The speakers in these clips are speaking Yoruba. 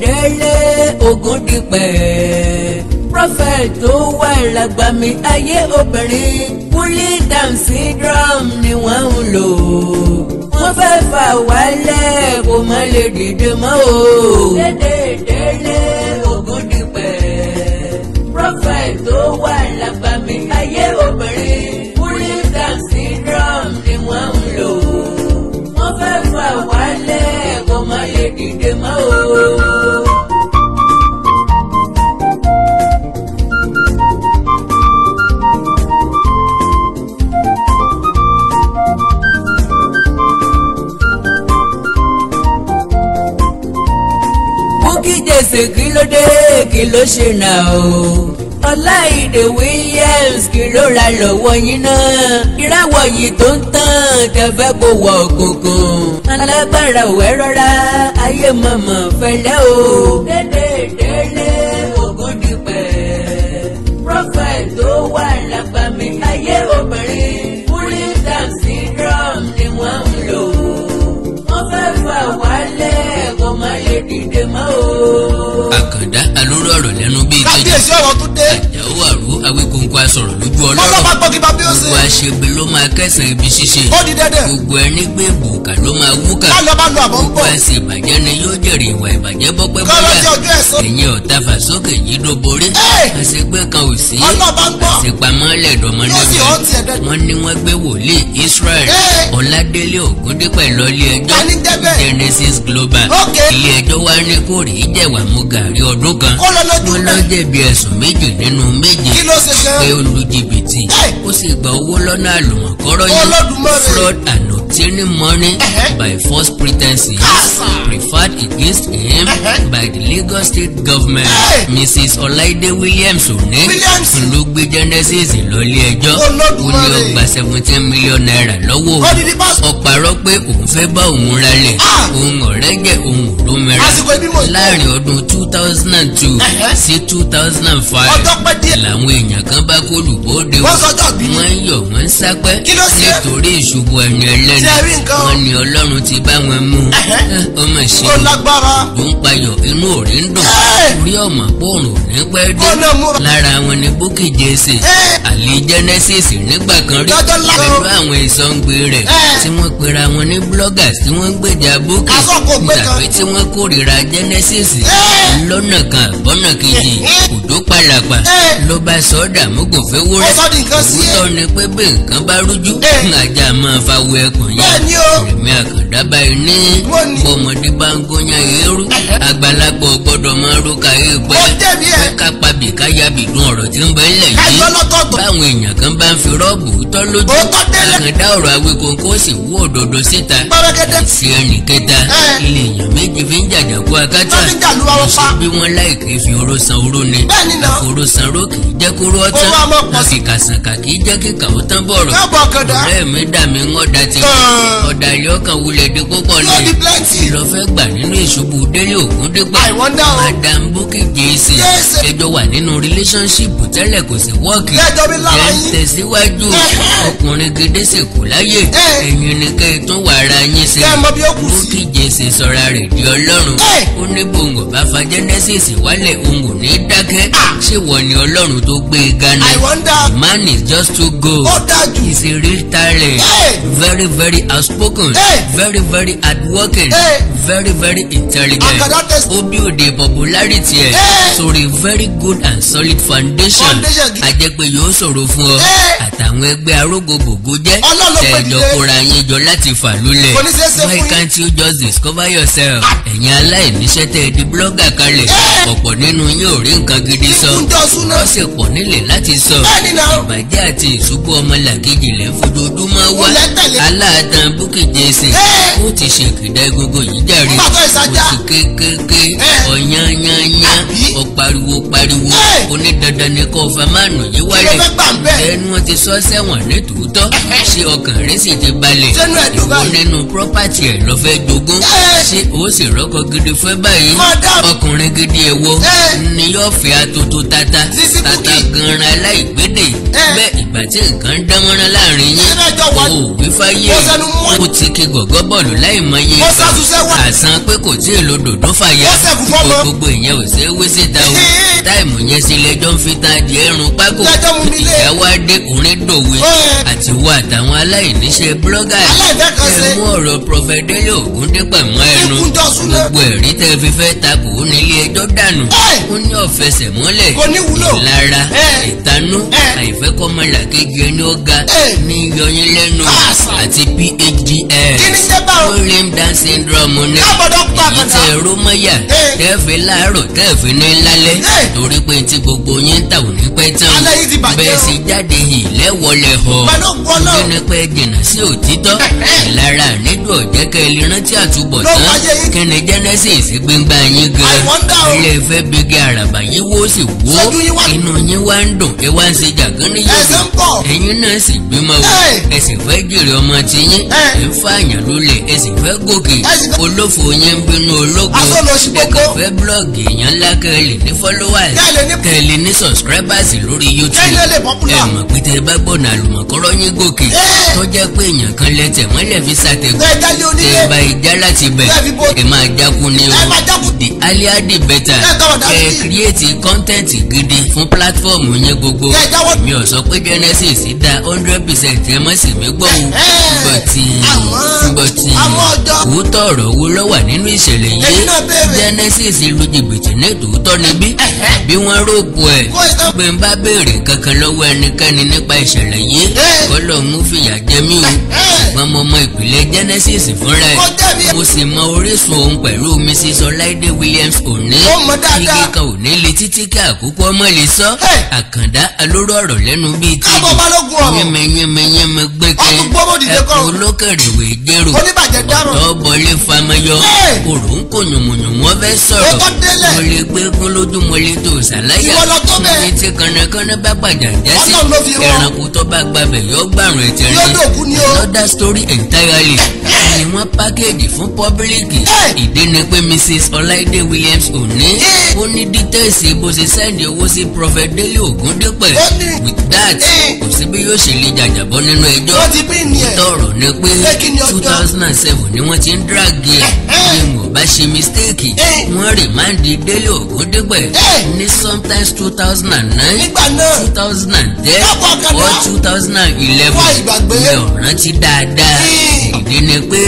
Délé Ògúndìpẹ̀ prophet tó wà lágbà mi ayé obìnrin pulling down syndrome ni wọ́n ń lò wọ́n fẹ́ fà wálẹ̀ kò má lè dìde mọ́ o. Dédé Délé Ògúndìpẹ̀ prophet tó wà lágbà lẹ̀ kó má yé dìde mọ́ o. Bukky-Jesse Williams kí ló ra yín náà ìràwọ̀ yìí tó ń tàn kẹfẹ́ kò wọ òkùnkùn alágbára òwe rọra ayé mọ̀mọ́ fẹ́lẹ́ o. dédé délé ogun dìpẹ́ prophet tó wà lápá mi ayé obìnrin pulling down syndrome ni wọ́n ń lò wọ́n fẹ́ fà wálẹ̀ kó má lè dìde mọ́ o. àkàndá alóró ọ̀rọ̀ lẹ́nu bíi jẹjẹrẹ kábíyèsí àrùn ìlú Awíkóńkó asọ̀rọ̀ lójú ọlọ́rọ̀ gbogbo àṣegbè ló máa kẹsàn-án ibi ṣíṣe gbogbo ẹni gbé bùkà ló máa wúkà gbogbo àṣẹ ìbàjẹ́ ni yóò jèrè ìwà ìbàjẹ́ bọ́pẹ́ bọ́yà ẹ̀yin ọ̀tá fàsókè yìí ló borí àṣegbè kan ò sí àṣepamọ́ lẹ̀dọ̀mọ́ lẹ́bi wọ́n ní wọ́n gbé wòlíì Israel Ọládélé Ògúndípẹ̀ lọ ẹjọ́ Genesis Global ilé ẹjọ́ wa ní kò jẹ̀wà mú gàrí ọdún kan wọ́n lọ jẹ̀bi ẹ̀sùn méjì nínú méje kí ló ṣe gan. pé olùjìbìtì ó sì gba owó lọ́nà àlùmọ̀kọ́rọ́ yìí fraud and obtaining money by false pretences, preferred against him by the Lagos State Government Mrs. Ọláìdé Williams òní ló gbé Genesis lọ́lé ẹjọ́ ó ní ó seventeen million naira lọ́wọ́ òun ọ̀pàrọ̀ pé òun fẹ́ bá òun ralẹ̀ ah! òun ọ̀rẹ́ jẹ́ òun òró mẹ́ra láàrin ọdún two thousand and two sí two thousand and five làwọn àwọn èèyàn kan bá kó lùbọ́dé o wọ́n ń yọ̀ wọ́n ń sápẹ́ nítorí ìṣubú ẹni ẹlẹ́ni wọ́n ní ọlọ́run ti bá wọn mú ọmọ ìṣe ló ń payọ̀ inú òrí ń dùn orí ọmọ pòrùn ní pẹ́ dé lára wọn ni Bukky Jesse àlè Genesis nígbà kan rí pẹ̀lú àwọn ìsọ̀ǹgbè rẹ̀ tí wọ́n pera wọn ní bloggers tí wọ́n ń gbèjà Bukky tàbí tí wọ́n kórìíra Genesis lọ́nà kan àbọ̀nà kejì kò dó ló bá sọ dàmúgùn fẹ́ wúrẹ́ òwúrọ̀ ni pé bí nǹkan bá rújú ajá máa fa wo ẹkùn yẹn èmi àkàndá báyìí ní bọ́mọdé bá ń gbóyàn eérú àgbàlagbà gbọ́dọ̀ máa rú káyé pẹ́ pé kápá bì káyà bì dùn ọ̀rọ̀ tí ń bẹ ńlẹ̀ yìí báwọn èèyàn kan bá ń fi rọ́ọ̀bù tọ́ lójú àkàndá ọ̀rọ̀ Awíkonko sì wú òdòdó síta àti ẹnì kẹta ilé èèyàn méjì fi ń jàjàkú akátá bí wọ́n láì kì fi oró san oró ni àforó san oró kì í j jẹ́ kóró ọtán àfi kàsàkà kì jẹ́ kíkà ó tán bọ̀rọ̀ ọ̀rẹ́ mi dà mí ọ̀dà ti ọ̀dà ilé ọkàn wulẹ̀ di púpọ̀ ní ìlọ́fẹ́ gbà nínú ìṣubú délé ògùn dípẹ́ madam bukki jc ẹjọ́ wà nínú relationship tẹ́lẹ̀ kò sí wọ́ọ̀kì jẹ́ tẹ̀síwájú ọkùnrin gidi sì kù láyè ẹ̀yin ni kẹ́ ẹ tún wà ara yín sí bukki jc sọ̀ra rẹ̀ di ọlọ́run ó ní bòǹgò bá fa genesis wálẹ̀ òun ní dákẹ́ ah. ṣé wọ gbé Ghana. I wonder. Man is just too good. Ó dájú. is a real talent. Hey. Very very outspoken. Hey. Very very hardworking. Hey. Very very intelligent. Ó build a popularity ẹ̀. Hey. Sórí very good and solid foundation. Foundation gidi. Àjẹpẹ́ yóò ṣòro fún ọ. Hey. Àtàwọn ẹgbẹ́ arógògògó jẹ́. Ọlọ́lọ́ pẹ̀lú ẹ̀. Ẹ̀jọ̀ kóra yín jọ láti fà lulẹ̀. Why can't you just discover yourself? Ah. Ẹ̀yin aláìníṣẹ́ tẹ́ ẹ di blogger kalẹ̀. Ọ̀pọ̀ nínú yín rí nǹkan gidi sọ. Ó pọ̀ kò nílẹ̀ láti sọ ìbàjẹ́ àti ìṣubú ọmọlàkejì lẹ́ fojoojúmọ́ wá aláàtàn búkì jẹ́sìn ó ti ṣèkìdá egungun yìí jàre òsì kékeré ọ̀yányányá ọ̀pariwo pariwo onídandan ni kò fẹ́ máa nù yí wálẹ̀ ẹnu ti sọ sẹ́wọ̀n ní tòótọ́ ṣé ọkàn rẹ sì ti balẹ̀ ìwọ nínú pírọ́pátì ẹ̀ lọ fẹ́ jogún ṣé ó sì rọ́kọ gidi fẹ́ báyìí ọkùnrin gidi ẹ̀wọ́ ni yóò fẹ́ atoto tata tata ganran aláìgbédè bẹ́ẹ̀ ìgbà tí nǹkan dánmọ́rán láàrin yín owó òbí fáyé ó ti ké gọ̀gọ́ bọ́ọ̀lù láì mọye àsan pé kò tí ì lo dòdó fàyà gbogbo ìyẹn ò ṣeé wé síta o táìmù yẹn sí lẹ́jọ́ ń fi ta di ẹrun pákó ìyá wa dé orin dòwe àti wo àtàwọn aláìníṣẹ́ blọ́gà ẹ mú ọ̀rọ̀ prọfẹ̀dẹ́lẹ̀ ògúndé pẹ̀mọ́ ẹnu gbogbo ẹ̀rí tẹ́ fi fẹ́ takò ó nílé ẹjọ́ dànù ó ní ọ̀fẹsẹ̀ mọ́lẹ̀ ìlara ìtanú àìfẹ́ kọ́ ọmọ làkejì ẹni ó ga ní yọyín lẹ́nu àti PHDS William Down syndrome ní èyí tẹ ẹ̀rọ mọ́yà tẹ́ẹ̀fẹ́ láàárọ̀ tẹ́ẹ̀fẹ́ ní lálẹ́ torí pé tí gbogbo yín tà ò ní pẹ́ tán bẹ́ẹ̀ sì jáde yìí lẹ́wọ̀lẹ̀ họ ìdíni pé jìnnà sí òtítọ́ ìlara nídùú ọ̀jẹ́ kẹ́ ẹ lè rántí àtúbọ̀ tán kí ni Genesis gbígbà yín gan ilé ìfẹ́ bíi gẹ́ àràbà yín wó sì wó inú yín wá ń dùn ẹ wá ń ṣe jàgán níyàwó ẹ̀yin náà sì gbímọ wò ẹ sì fẹ́ jèrè ọmọ ti yín ẹ̀ ń fààyàn lólè ẹ sì fẹ́ gòkè olófò yín ń bínú ológo ẹ kàn fẹ́ blọ́ọ̀gì èèyàn ńlá kẹ́lì ní followers kẹ́lì ní subscribers lórí YouTube ẹ mọ̀ pé tẹ bá gbọ́nà àlùmọ̀kọ́rọ́ yín gòkè tó jẹ́ pé èèyàn kan lẹ́tẹ̀ mọ́lẹ̀ fi ṣàtẹ̀gùn tẹ bá ìjà láti bẹ̀ ẹ máa jákun ní o the earlier the better ẹ create content gidi fún platform pílátífọ̀mù yẹn gbogbo mi ò sọ pé Genesis dá hundred percent ẹ mọ́ sí mi gbọ́ o bọ̀tì bọ̀tì òótọ́ ọ̀rọ̀ wo ló wà nínú ìṣẹ̀lẹ̀ yìí Genesis lu jìbìtì ní tòótọ́ níbí bí wọ́n rògbò ẹ̀ pé n bá béèrè kankan lọ́wọ́ ẹnikẹ́ni nípa ìṣẹ̀lẹ̀ yìí kọ́lọ̀ mú fìyà jẹ mí o ṣùgbọ́n mo mọ ìpìlẹ̀ Genesis fúnra ẹ̀ mo sì mọ orísun òun pẹ̀lú Mrs Ọláìdé Williams òní kíkẹ́ kan òní le títí kí àkókò ọmọ lè sọ àkàndá alóró ọ̀rọ̀ lẹ́nu bíi tí yẹmẹ yẹmẹ yẹmẹ gbẹ́kẹ́ ẹ̀kọ́ olókèrèwé jẹ́rò ọ̀tọ̀bọ̀lé famayọ òrò ń kò yùmùyùn wọn fẹ́ sọ̀rọ̀ mo lè gbé kún lójú mo lè tó sàlàyà ní ti kànnàkànnà bá gbàjà jásí ẹranko tó bá gbàbẹ̀ yọ gbàrún ẹ̀jẹ̀ rẹ̀ another story entirely ni wọ́n pákéèjì fún pọ́bílíkì ìdí ni pé Mrs. Ọláìdé Williams ò ní ó ní dítẹ́ẹ̀sì bó ṣe sẹ́ndì owó sí Prophet délé ògúndépẹ̀ with that kò sí bí yóò ṣe lè jàjàbọ́ nínú ẹjọ́ tọrọ ni pé two thousand and seven ni wọ́n ti ń dragi ẹ̀ ni mo bá ṣe mistake eh. wọ́n rìmáǹdì délé ògúndépẹ̀ eh. ní sometimes two thousand and nine two thousand and ten or two thousand and eleven mi ò rántí dáadáa eh. ìdí ni pé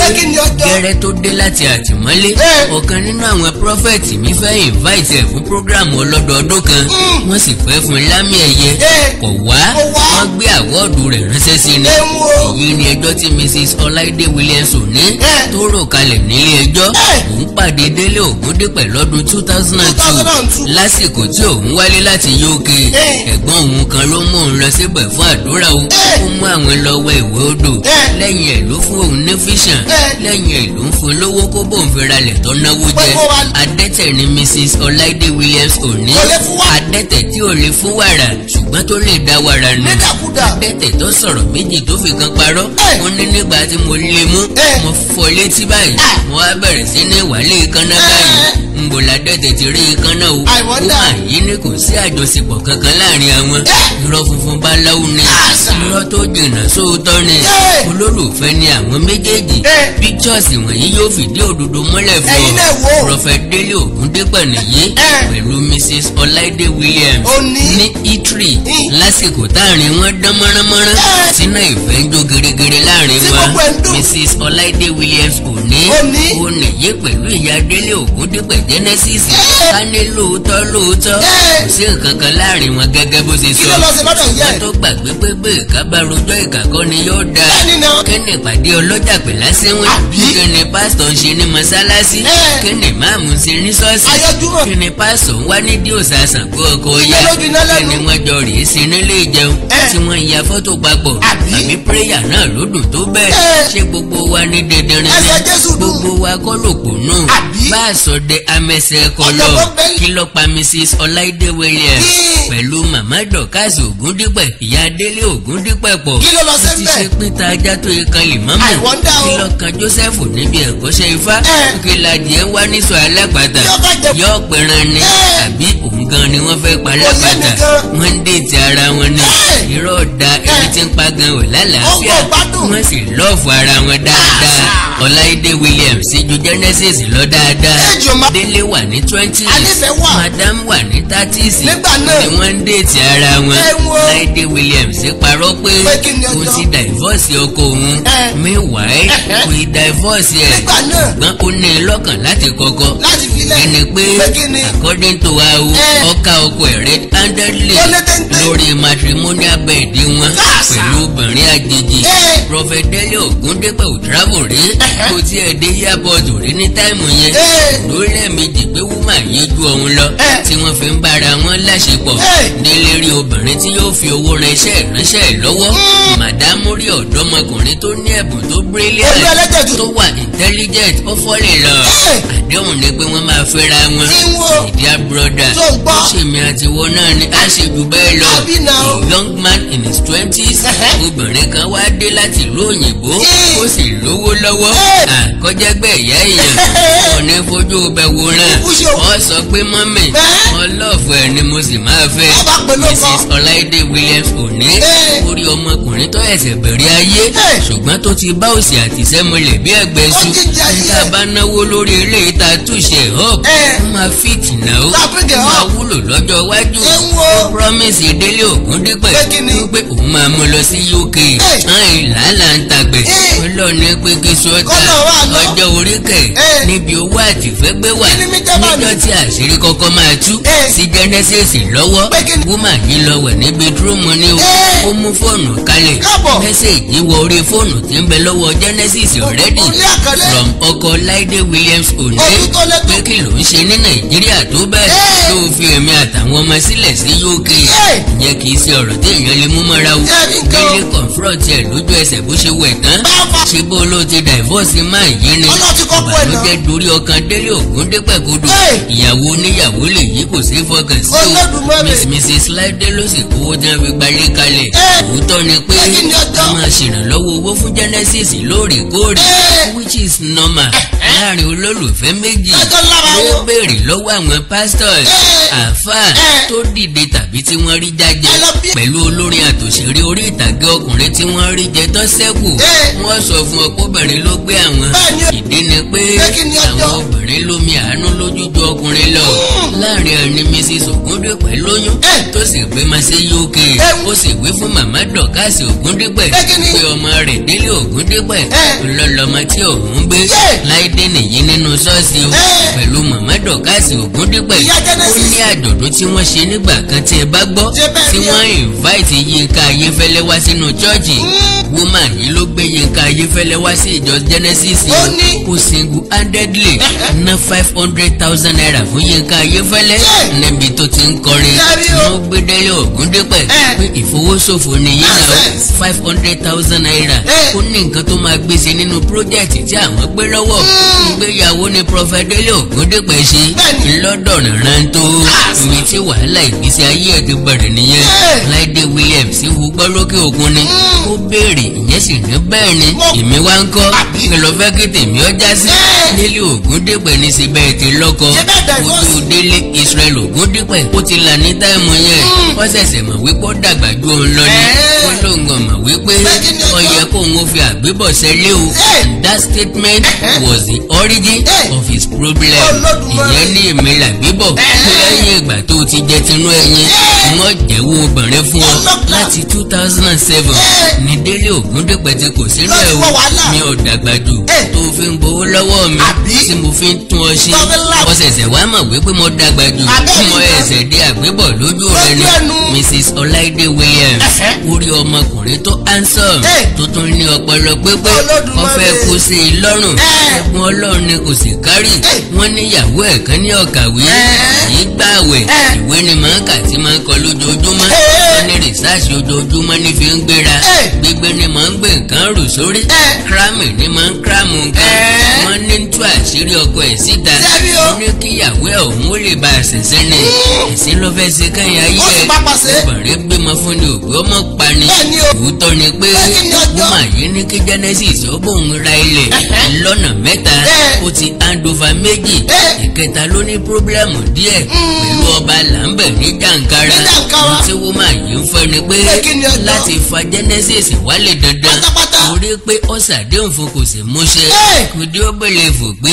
gẹ́rẹ́ tó dé láti àtìmọ́lé ọ̀kan nínú àwọn prọfẹ̀tì mi fẹ́ invite ẹ̀ fún program ọlọ́dọọdún kan hmm. wọ́n sì fẹ́ fún un lámì ẹ̀yẹ kò wá wọ́n gbé àwọ́ọ̀dù rẹ̀ ránṣẹ́ sí ni èyí ni ẹjọ́ tí Mrs Ọláìdé Williams òní tó rò kalẹ̀ nílé ẹjọ́ òun pàdé Délé Ògúndípẹ̀ lọ́dún two thousand and two lásìkò tí òun wálé láti UK ẹ̀gbọ́n òun kan ló mú òun lọ síbẹ̀ fún àdúrà o ó mú àwọn lọ ìwé odò lẹ́yìn ẹ̀ ló fún òun ní fíṣàn lẹ́yìn ẹ̀ ló ń fún lówó kó bóun fi ralẹ̀ tó náwó jẹ adẹ́tẹ̀ ni Mrs Ọláìdé Williams òní adẹ́tẹ̀ tí ò lè fún wàrà ṣùgbọ́n tó lè dá wàrà nù. nídàkúdà. abẹ́tẹ̀ tó sọ̀rọ̀ méjì tó fi kan parọ́. mo ní nígbà tí mo lè e mú. mo fọ létí báyìí. mo wá bẹ̀rẹ̀ sí ní ìwálé ìkànnà báyìí. n bò ládẹ́tẹ̀ ti rí ìkànnà o. ó hàn yín ní kò sí àjọṣepọ̀ kankan láàrin àwọn. irọ́ funfun báláwo ni. irọ́ tó jìnnà sóòótọ́ ni. olólùfẹ́ ni àwọn méjèèjì. pictures wọ̀nyí yóò fìdí òdodo mọ́lẹ̀ fún ọ. prọfẹ̀t délé ògúndépẹ̀ nìyí pẹ̀lú mrs ọláìdé williams. ó ní ní Italy lásìkò táàrin wọn dán mọ́ránmọ́rán tí náà ìfẹ́ ń jó geregere láàrin wọn Mrs Ọláìdé Williams òní ònìyé pẹ̀lú ìyá Délé Ògúndípẹ̀ Genesis ká ní lóòótọ́ lóòótọ́ kò sí nǹkan kan láàrin wọn gẹ́gẹ́ bó ṣe sọ wọn tó gbàgbé pé pé ìkábá rojọ́ ìkàkọ́ ni yóò da kẹ́ni ìpàdé ọlọ́jà pẹ̀lá sẹ́wọ̀n kẹ́ni pásítọ̀ ń ṣe ní mọ́sálásí kẹ́ni máàmù ń ṣe ní ṣọ́ọ̀ṣì kẹ́ni pásítọ̀ ń wá nídìí òṣàṣàn kó ọkọ̀ yá síná lẹ́nu. jọ rèé sí nílé ìjẹun tí wọ́n ya fọ́tò papọ̀ àbí pírẹ́yà náà ló tó bẹ́ẹ̀ ṣé gbogbo wa ní dandanrin ni gbogbo wa kọ́ ló kù náà bá a sọ de amẹsẹ kọ lọ kí ló pa Mrs. Ọláìdé Williams pẹ̀lú màmá Dorcas Ògúndípẹ̀ ìyá Délé Ògúndípẹ̀ pọ̀ kí ṣe pété ajá tó ikan lìmọ́mù kí ló kan Joseph níbi ẹ̀kọ́ṣẹ́ ifá kí lajì ẹ̀ wá níṣọ́ alápàtà yọ ọ̀pẹ̀rẹ̀ ni àbí òun gan ni wọ́n fẹ́ pa lágbàdà wọ́n ń déètì ara wọn ni irọ́ ọ̀dà èyí tí ń pa gan wò lálàáfíà wọ́n sì lọ́ọ̀fù ara wọn dáadáa ọláìdé williams síjú genesis lọ dáadáa délé wà ní twenty madam wà ní thirty ni wọ́n ń déètì ara wọn ọláìdé williams parọ́ pé kò sí divorce ọkọ òun eh. meanwhile eh, eh. kò ì divorce ẹ̀ ṣùgbọ́n ó ní in lọ́kàn láti kọ́kọ́ ẹni pé according to wa o ọkà oko ẹ̀rẹ́ handedly lórí matrimonial bed wọn pẹ̀lú obìnrin àjèjì Prophet Dele Ogundepe ò travel rí kò tiẹ̀ dé airport rí ní táìmù yẹn lórí ẹ̀mejì pé wúmà yẹn ju òun lọ tí wọ́n fi ń bára wọn láṣepọ̀ Délé rí obìnrin tí yóò fi owó ránṣẹ́ ránṣẹ́ lọ́wọ́ màdámù hmm. rí ọ̀dọ́mọkùnrin tó ní ẹ̀bùn tó brilliant tó wà intelligent ó fọ́lẹ̀ lọ àdéhùn ni pé wọ́n máa fẹ́ra wọn ìdíyà brother ó ṣèmi àtiwọ́ náà ni a ṣe jù bẹ́ẹ̀ lọ a young man in his twenties obìnrin kan wá dé láti tìlú òyìnbó kó sì lówó lọ́wọ́ àkọ́jẹ́gbẹ́ ìyá èèyàn. ní fojú bẹ̀wò rẹ̀ ọ sọ pé mọ́mì ọlọ́ọ̀fù ẹ̀ ni mo sì máa fẹ́ mrs ọláìdé williams òní orí ọmọkùnrin tó ẹ̀sẹ̀ bẹ̀rẹ̀ ayé ṣùgbọ́n tó ti bá òsì àti sẹ́mọlẹ̀ bí ẹgbẹ́ su níta bá náwó lórí eré ìta túṣe up ó máa fit náà ó máa wúlò lọ́jọ́ iwájú ó promise délé ògúndípẹ̀ wípé òun máa mú lọ sí uk tán ìlàlà ń tagbẹ̀ ọlọ́ọ̀ni pé kí sọ́ta ọjọ́ orí níbi owó ìyàwó àtìfẹ́gbé wà níjọ́ tí àṣírí kọ́kọ́ máa tú sí Genesis lọ́wọ́ woman yìí lọ wẹ̀ ní bedroom ni o ó mú fóònù kalẹ̀ mẹ́sẹ̀gì wọ orí fóònù tí ń bẹ lọ́wọ́ Genesis already from ọkọ Láìdé Williams Oǹdé pé kí ló ń ṣe ní Nàìjíríà tó bẹ́ẹ̀ ló fi èmi àtàwọn ọmọ sílẹ̀ sí UK ìyẹn kì í ṣe ọ̀rọ̀ tí èèyàn lè mú mọ́ra o délé confront ẹ̀ lójú ẹsẹ̀ bó ṣe wẹ̀ tán ṣe bó ló ti divorce máa yí ni ìbànújẹ́ dorí ọk kan délé ògúndé pẹ̀gúdù ìyàwó oníyàwó lè yí kò sí fọkàn sí o mrs láìdé ló sì kówó tí fi gbalé kalẹ̀ òótọ́ ni pé wọ́n máa ṣèrànlọ́wọ́ owó fún genesis lóòrèkóòrè which is normal láàrin olólùfẹ́ méjì ló béèrè lọ́wọ́ àwọn pastors àáfàá tó dìde tàbí tí wọ́n rí jájẹ pẹ̀lú olórin àtòṣèré orí ìtàgé ọkùnrin tí wọ́n rí jẹ tó ṣẹ́kù wọ́n sọ fún ọkọ́bìnrin ló gbé àwọn ìdí pé àwọn obìnrin lómi àánú lójú ju ọkùnrin lọ. Hmm láàrin àárín mrs ògúndé pẹ̀lú oyún tó sì gbé máa ṣe uk ó sì gbé fún màmá dọ̀kásì ògúndé pẹ̀ pé ọmọ rẹ̀ délé ògúndé pẹ̀ lọ́lọ́mọ tí òun gbé láìdé nìyí nínú ṣọ́ọ̀ṣì o pẹ̀lú màmá dọ̀kásì ògúndé pẹ̀ ó ní àjọ̀dún tí wọ́n ṣe nígbà kan tí ẹ bá gbọ́ tí wọ́n invite yínká ayéfẹ́lẹ́ wá sínú chọ́ọ̀chì hmm. woman yìí ló gbé yínká ayéfẹ́lẹ́ wá sí ìjọ genesis kó single handedly eh, eh. ná five hundred thousand naira fún yínká ayéfẹ́lẹ́ fẹ́lẹ́ níbi tó ti ń kọrin tí wọ́n gbé délé ògúndépẹ̀ pé ìfowósòfò nìyí náà five hundred thousand naira ó ní nǹkan tó máa gbé ṣe nínú project tí àwọn gbé lọ́wọ́ hmm. ìgbéyàwó ni prophet délé ògúndépẹ̀ ṣe lọ́dọ̀ rán tó ibi tí wàhálà ìgbésí ayé ẹ̀ ti bẹ̀rẹ̀ nìyẹn láìdé williams wú gbọ́ lókè òkun ni hmm. ó béèrè ìyẹn sì ní bẹ́ẹ̀ ni èmi wá ń kọ́ kí lọ fẹ́ kí ọjà sí délé ògúndépẹ̀ ní síbẹ̀ ti lọ́kọ ojú délé Israel Ògúndípẹ̀ ó ti là ní táìmù yẹn wọ́n ṣẹ̀ṣẹ̀ mọ̀ wípé ó dàgbà ju òun lọ ni wọ́n ló ń gàn mọ̀ wípé ó yẹ kó òun fi àgbébọ̀sẹ̀ lé o and that statement was the origin of his problem ìyẹn ní ìmìlà àgbébọ̀ lẹ́yìn ìgbà tó ti jẹ tinú ẹyin wọ́n jẹ́wọ́ obìnrin fún ọ láti two thousand and seven ní Délé Ògúndípẹ̀ ti kò sínú ẹ̀wọ̀ mi ò dàgbà jù tó fi ń bowó lọ́wọ́ mi tí mo fi ń tún ọ ṣe ọ̀sẹ̀sẹ̀ wá mọ̀ wípé mo d dàgbà jù fún ọ ẹsẹ̀ dé àgbébọ̀ lójú rẹ ni Mrs Ọláìdé Williams orí ọmọkùnrin tó handsome tó tún ní ọpọlọ pépé ọfẹ kó sí i lọ́rùn ẹ̀gbọ́n Ọlọ́run ni kò sì kárì wọ́n níyàwó ẹ̀ kan ní ọ̀kàwé yìí gbààwẹ̀ ìwé ni màá kà tí màá kọ lójoojúmọ́ wọ́n ní rìsáàsì ojoojúmọ́ ní fi ń gbéra gbígbé ni màá ń gbé nǹkan rù sórí kramì ni màá ń kramù nǹkan wọ́n ní tú àṣírí ọkọ ẹ̀ síta wọ́n ní kíyàwó ẹ̀ òun ó lè lè ba ẹ̀sìn sẹ́lẹ̀ ẹ̀sìn ló fẹ́ ṣe kẹ́yìn ayé ẹ̀ bàrẹ́ bímọ fún ni òbí ọmọ pa ni òótọ́ ni pé woman yìí ní kí Genesis ó bóun ra ilẹ̀ lọ́nà mẹ́ta ó ti andover méjì ìkẹta ló ní pírọ́blẹ́mù díẹ̀ hmm. pẹ̀lú ọba làǹbẹ̀ ní jàǹkara ohun tí woman yìí ń fẹ́ ni pé láti fa Genesis wálé dandan torí pé ọ̀sàdéhùn fún kò sí múṣẹ kò dé ó bẹ̀lẹ̀ fò pé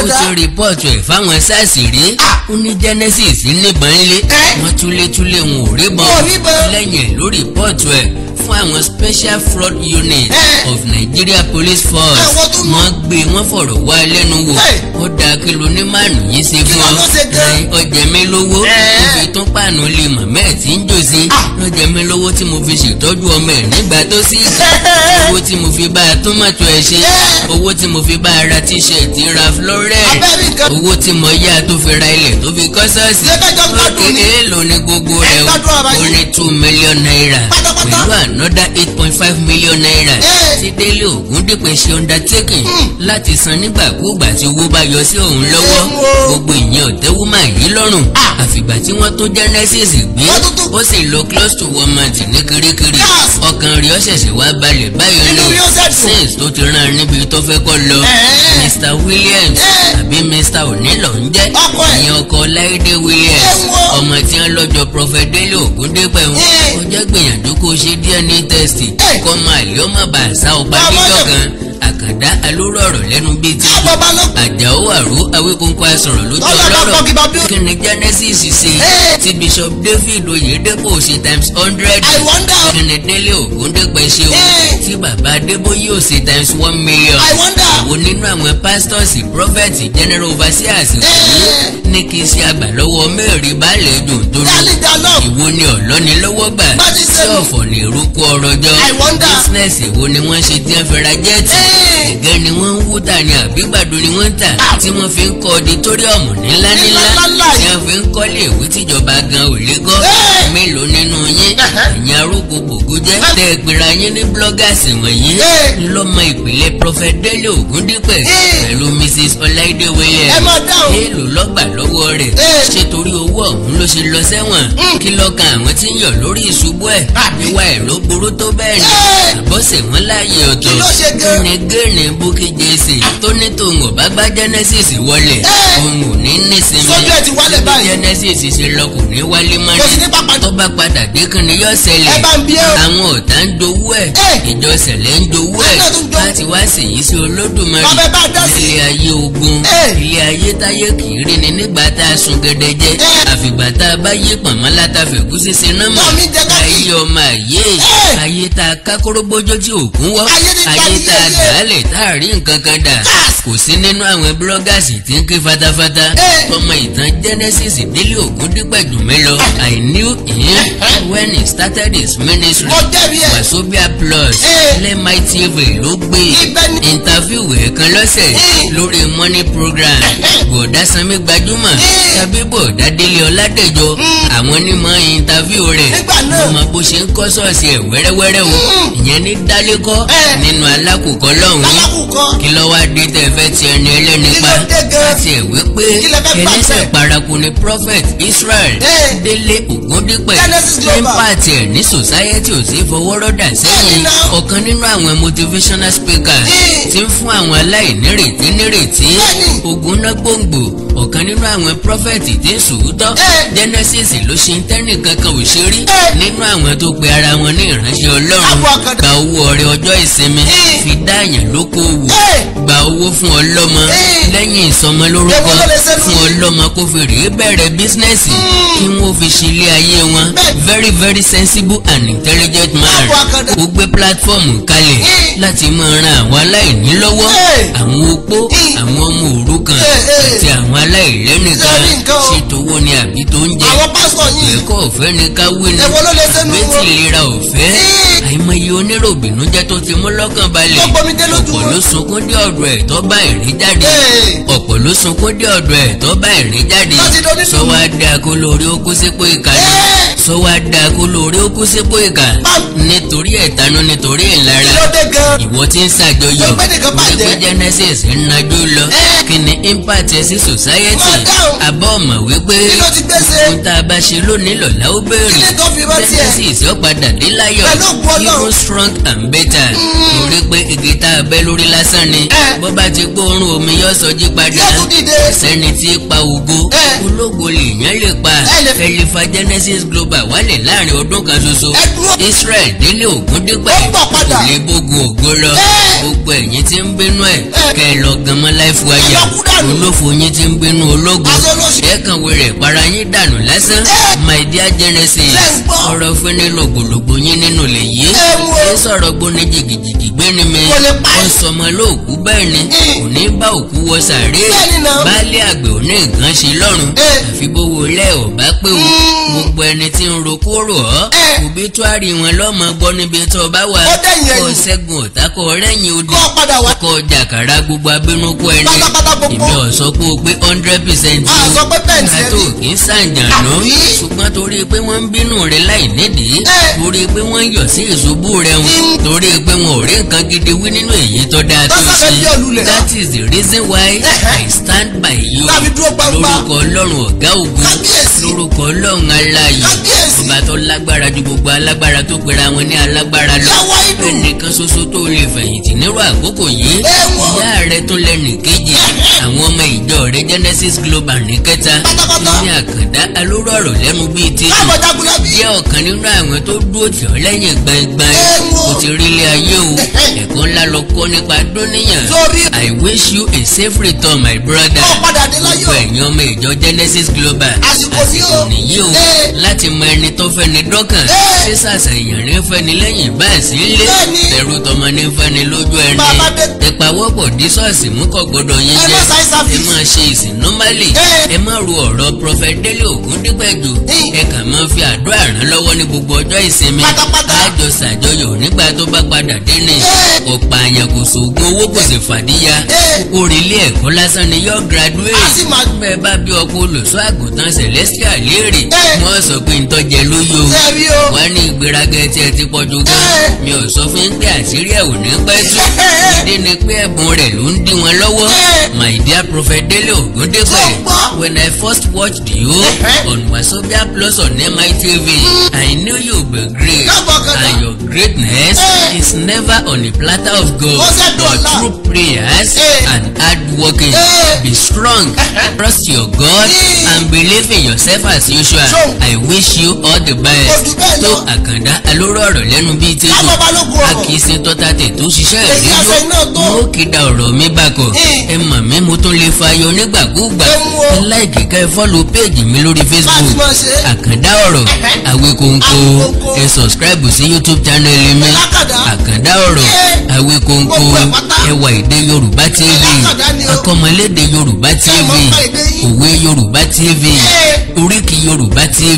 ó ti rìpọ́ọ̀tù ẹ̀ fáwọn sars rí ah ó ní Genesis níbọn ńlẹ wọn túlétúlé wọn ò ríbọn lẹ́yìn ló rìpọ́ọ̀tù ẹ̀ fún àwọn special fraud unit of Nigeria Police Force wọ́n gbé wọ́n fọ̀rọ̀ wá lẹ́nu wò ó dáa kí ló ní màánù yìí ṣe fún ọ ọjà mi lówó mo fi tún pàánù lè màmá ẹ̀ tí ń jòsí ọjà ah. mi lówó tí mo fi ṣètọ́jú ọmọ ẹ̀ nígbà tó sí owó tí mo fi bá a tún mọ̀tò ẹ̀ ṣe owó tí mo fi bá a ra t-shirt ra florent owó tí mo yá tó fi ra ilẹ̀ tó fi kọ́ sọ́ọ̀sì lókè èèlò ní gbogbo rẹ̀ o ní two million naira pẹ̀lú another eight point five million naira tí délé ògúndípẹ̀ ṣe undertaking hmm. láti san nígbàkúùgbà tí owó bá yọ sí òun lọ́wọ́ gbogbo ìyẹn ọ̀tẹ́wó máa yí lọ́rùn àfìgbà tí wọ́n tó genesis gbé ó sì lọ close to one month ní kirikiri ọkàn rẹ̀ ó ṣẹ̀ṣẹ̀ wá balẹ̀ báyìí lò since tó ti rán níbi tó fẹ́ kọ́ lọ Mr Williams àbí Mr Onílọ̀ ń jẹ́ ìyẹn ọkọ orúkọ láìdé williams ọmọ tí wọ́n lọ́jọ́ prophet délé ògúndépẹ̀ wọn ó jẹ́ gbìyànjú kó ṣe dna test kọ́ máa lé ọmọ bàṣà ọba níjọ́ kan àkàndá alóró ọ̀rọ̀ lẹ́nu bíi ti kú àjàó àrò awékòǹkò àìsọ̀rọ̀ lójú ọlọ́rọ̀ kí ni genesis ṣe ti bishop david oyedepo ṣe times hundred kí ni délé ògúndégbè ṣe o tí bàbá adébóyè ò ṣe times one million àwọn nínú àwọn pastors prophets general overseers ní kí n ṣe àgbàlọ́wọ́ mẹ́rin balẹ̀ dùn tó lọ ìwo ni ọ̀lọ́nilọ́wọ́ gbà tí ọ̀fọ̀ ní ìrúkú ọ̀rọ̀ jọ business ìwo ni wọ́n ṣe tí wọ́n fẹ́ra jẹ́ẹ̀tì ìgẹ́ ni wọ́n ń wú tà ní àbígbàdo ni wọ́n ń tí wọ́n fi ń kọ́ ọditóríọ̀mù ńlá ńlá tí wọ́n fi ń kọ́lé ìwé tíjọba gan ò lè mélòó nínú yín ẹ̀yin arógo gbògbó jẹ́ tẹ́ ẹ yín ní blọ́gàsì wọ̀nyí lọ́mọ ìpìlẹ̀ Prophet Délé Ògúndípẹ̀ pẹ̀lú Mrs Ọláìdé wẹ́yẹ èèlò lọ́gbà lọ́wọ́ rẹ̀ ṣé torí owó ọ̀hún ló ṣe lọ sẹ́wọ̀n hmm. kí lọ́kàn àwọn tí ń yọ̀ lórí ìṣubú ẹ̀ ìwà ẹ̀ ló burú tó bẹ́ẹ̀ ni àbọ̀sẹ̀ wọn láàyè ọ̀tọ̀ kí ni gẹ́ẹ̀nì bukki jẹ́sì tó ní tòun ò bá gbá genesis wọlé òun ò ní nísinmi sọ́jọ́ ẹ ti wálé báyìí genesis ṣe lọkùn ní wálé mọ́ni tó bá padà dé kan ní yọ ṣẹlẹ̀ àwọn ọ̀tá ń dowó ẹ̀ ìjọ ṣẹlẹ̀ ń dowó ẹ̀ láti wá sèyí sí olódùmarè ilé ayé ogun ilé ayé táyé kì í rí ni nígbà tá a sun gẹ́dẹ́ jẹ́ àfìgbà tá a bá yé pọ̀nmọ́ látàfẹ́ kú sí sinimá ayé ọmọ ayé ayé tá a kákóró bójó tí òkun wọ́ ayé tá a làálẹ̀ tá a rí nǹkan kan dà ah! kò sí nínú àwọn búrọ́gàsì tí ń ké fatafata eh! ọmọ ìtàn Genesis délé Ògúndípẹ̀ jù mí lọ ah! I knew him eh! Eh! when he started his ministry Wazobia plus LMI TV ló gbé interview ẹ̀ kan lọ́sẹ̀ lórí money program bọ̀dá gbajúmọ̀ tàbí bọ̀dá délé ọládẹjọ hmm. àwọn ní interview rẹ̀ ọmọ bó ṣe ń kọ́ sọ́ọ̀sì ẹ̀ wẹ́rẹ́wẹ́rẹ́ o hmm. ìyẹn ní dálékọ́ nínú alákòókọ́ ọlọ́run kí ló wá dé tẹ̀ fẹ́ ti ẹni ẹlẹ́ni pa láti ẹ̀ wípé ẹlẹ́sẹ̀ paraku ni prophet Israel Délé Ògúndípẹ̀ nípa tiẹ̀ ní society ò sí fọwọ́rọ́dà sẹ́yìn ọ̀kan nínú àwọn motivational speakers ti ń fún àwọn aláìnírètí nírètí ogun náà gbòǹgbò ọ̀kan nínú àwọn prọfẹ̀tì tí ń sòótọ́ Genesis ló ṣe ń tẹ́nìkan kan ò ṣe rí nínú àwọn tó pe ara wọn ní ìránṣẹ́ Ọlọ́run gba owó ọrẹ ọjọ́ ìsinmi fi dáàyàn lókòwò gba owó fún ọlọ́mọ lẹ́yìn ìsọmọ lórúkọ fún ọlọ́mọ kó fi rèé bẹ̀rẹ̀ bísínẹ́sì hmm. kí wọ́n fi ṣe ilé ayé wọn very very sensible and intelligent man ó gbé pílátífọ́ọ̀mù kalẹ̀ láti máa ran àwọn aláìní lọ́wọ́ àwọn opó àwọn ọmọ òrukàn àti àwọn aláìlẹ́nìkan sí tówó ni àbí tó ń jẹ ẹ̀kọ́ ọ̀fẹ́ ni ká wí ni àbẹ́tì ìlera ọ̀fẹ́ àìmọye onírò ìbìnújẹ́ tó ti mú lọ́kàn balẹ̀ ọ̀pọ̀ ló sunkún dé ọ̀dọ̀ ẹ̀ tó bá jáde ọ̀pọ̀ ló sunkún dé ọ̀dọ̀ ẹ̀ tó bá jáde sọ wá dé akólórí ó kó sípò ìkàlẹ̀ sọ wá da kó lóore ó kú sípò ìkà ah! nítorí ẹ̀tanú nítorí ìlara ìwọ tí ń ṣàjọyọ̀ wípé genesis ń najú lọ eh! kí ni impact ẹ sí society àbọ̀ mọ̀ wípé ohun tá a bá ṣe lónìí lọ́la ó bẹ̀rẹ̀ genesis ó padà dé láyọ̀ even strong and better mm. torí pé igi tá a bẹ́ lórí lásán ni eh! bó bá ti gbóòórùn omi yóò sọjí padà sẹ́ni tí pa ògo eh! ológo lèèyàn lè pa ẹlẹ́fà genesis global gbà wálẹ̀ láàrin ọdún kan ṣoṣo Israel délé ògùn dípẹ́ kò lè bógun ògo lọ gbogbo ẹ̀yin tí ń bínú ẹ̀ kẹ́ ẹ lọ gan mọ́ láì fún ayá olófo yín tí ń bínú ológun ẹ̀ẹ̀kan wẹ̀rẹ̀ para yín dànù lásán my dear genesis ọ̀rọ̀ fúnni lògbòlògbò yín nínú lè yí ẹ sọ̀rọ̀ gbóni jìgìjìgì gbéni mi ọ̀sọ̀mọ lóòkú bẹ́ẹ̀ ni kò ní bá òkú wọ sàárè baálé àgbẹ̀ ò nrokoro ọ òbí tó a rí wọn lọ́mọ gbọ́ níbi tó bá wà kọ́ sẹ́gun ọ̀tá kọ́ rẹ́yìn odò kọ́ jàkàrà gbogbo abínúkọ ẹni ìbí ọ̀sọ́ pé o pé hundred percent o kátó kì í sàǹjànà ṣùgbọ́n torí pé wọ́n ń bínú rẹ láì nídìí torí that is the reason why I stand by you lórúkọ ọlọ́run ọ̀gá ògùn lórúkọ ọlọ́run aláyọ̀ ọba tó lágbára ju gbogbo alágbára tó pera wọn ní alágbára lọ ẹnìkan ṣoṣo tó lè fẹ̀yìntì nírú àkókò yìí ìyá rẹ tún lẹ́nì kejì àwọn ọmọ ìjọ rẹ Genesis Global ní kẹta ní àkàndá alóró ọ̀rọ̀ lẹ́nu bíi ti jẹ́ ọ̀kan nínú àwọn tó dúró tì ọ́ lẹ́yìn gbangban kò ti rí ilé ayé o ẹ̀kọ́ ńlá lọ kọ́ nípa dúníyàn I wish you a safe return my brother gbogbo ẹ̀yin ọmọ ìjọ Genesis Global àsìkò nìyí o láti mú mọ ẹni tó fẹ́ni dọ́kàn ṣé èèyàn ní fẹ́ni lẹ́yìn bẹ́ẹ̀ sí ń lé tọmọ ní fẹ́ni lójú ẹni ìpawọ́pọ̀ dí ṣọ́ọ̀ṣì mú kọ́ gbọ́dọ̀ yín jẹ́ ẹ máa ṣe ìsìn nọ́málì ẹ má ru ọ̀rọ̀ prọfẹt délé Ògúndípẹ̀jù ẹ kàn máa fi àdúrà ràn lọ́wọ́ ní gbogbo ọjọ́ ìsinmi àjọ ṣàjọyọ̀ nígbà tó bá padà dé ní ọ̀pá àyàn kò sóògùn owó kò sì fàdíyà orílé ẹ̀kọ́ lásán ni yóò graduate bẹ́ẹ̀ bá bí ọkọ olùṣọ́ àgùntàn Celestial léèrè wọ́n sọ pé n tọ́jẹ lóyò wọ́n ní ìgbéraga tí ẹ ti gan mi ò sọ fún pé àṣírí ẹ̀ ò ní pẹ́ tú ìdí ni pé ẹ̀bùn rẹ̀ ló ń dí wọn lọ́wọ́ my dear prophet Dele Ogundepe when I first watched you on Wazobia Plus on MITV mm. I knew you be great and your greatness hey. is never on a platter of gold but through prayers hey. and hard working. Hey. Be strong, trust your God and believe in yourself as usual. So, I wish you all the best. To Akanda alóró ọ̀rọ̀ lẹ́nu bíi tẹ́tù. A kì í ṣe tọ́ta tètú ṣiṣẹ́ ìrírú. Mo kìdá ọ̀rọ̀ mi bàkọ̀. Ẹ mọ̀ mí mo tún lè fayọ nígbàkúùgbà. Ẹ láìkì ká ẹ fọ́lù péèjì mi lórí Facebook. Àkàndá ọ̀rọ̀ àwé kòǹkò. Ẹ sọ̀scribe sí youtube channel mi àkàndá ọ̀rọ̀ àwíkóńkó ẹwà èdè yorùbá tv akọ́mọlédè yorùbá tv òwe yorùbá tv oríkì yorùbá tv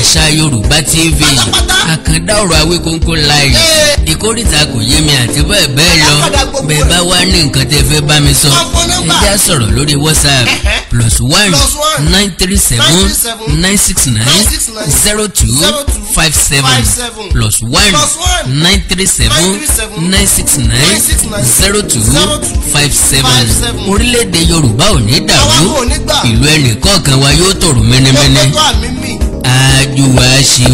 àṣà yorùbá tv àkàndá ọ̀rọ̀ awíkóńkó live ìkórìtà kò yé mi àti bẹ́ẹ̀ bẹ́ẹ̀ lọ bẹ́ẹ̀ bá wá ní nǹkan tẹ́ fẹ́ bá mi sọ ẹ sọ̀rọ̀ lórí whatsapp plus one nine three seven nine six nine zero two five seven plus one nine three seven nine six nine zero two five seven orílẹ̀-èdè yorùbá ò ní dàrú ìlú ẹnì kọ̀ọ̀kan wa yóò tòrò mẹ́nẹ́mẹ́nẹ́ àjùwà ṣe